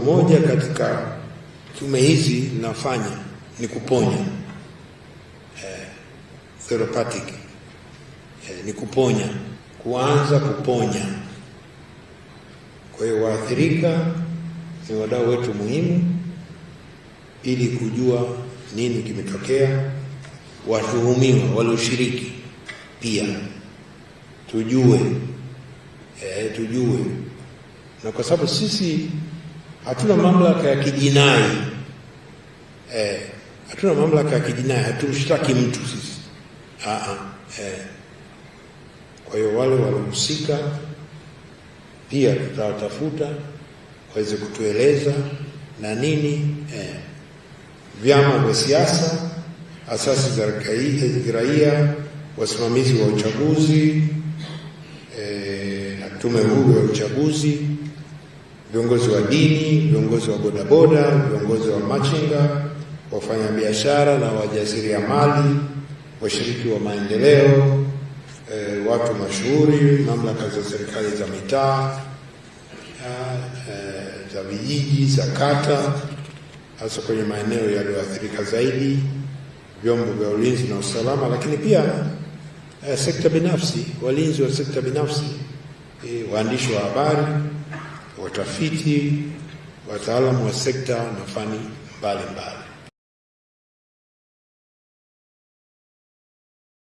Moja katika tume hizi nafanya ni kuponya eh, therapeutic eh, ni kuponya, kuanza kuponya. Kwa hiyo waathirika ni wadau wetu muhimu, ili kujua nini kimetokea. Watuhumiwa walioshiriki pia tujue, eh, tujue, na kwa sababu sisi Hatuna mamlaka ya kijinai eh, hatuna mamlaka ya kijinai, hatumshtaki mtu sisi ah, ah, eh. Kwa hiyo wale walohusika pia tutawatafuta waweze kutueleza na nini eh. Vyama vya siasa, asasi za kiraia, wasimamizi wa uchaguzi eh, na tume huru ya uchaguzi viongozi wa dini, viongozi wa bodaboda, viongozi wa machinga, wafanyabiashara na wajasiriamali, washiriki wa maendeleo, e, watu mashuhuri, mamlaka za serikali za mitaa, e, za vijiji, za kata, hasa kwenye maeneo yaliyoathirika zaidi, vyombo vya ulinzi na usalama, lakini pia e, sekta binafsi, walinzi wa sekta binafsi, e, waandishi wa habari watafiti, wataalamu wa sekta na fani mbalimbali.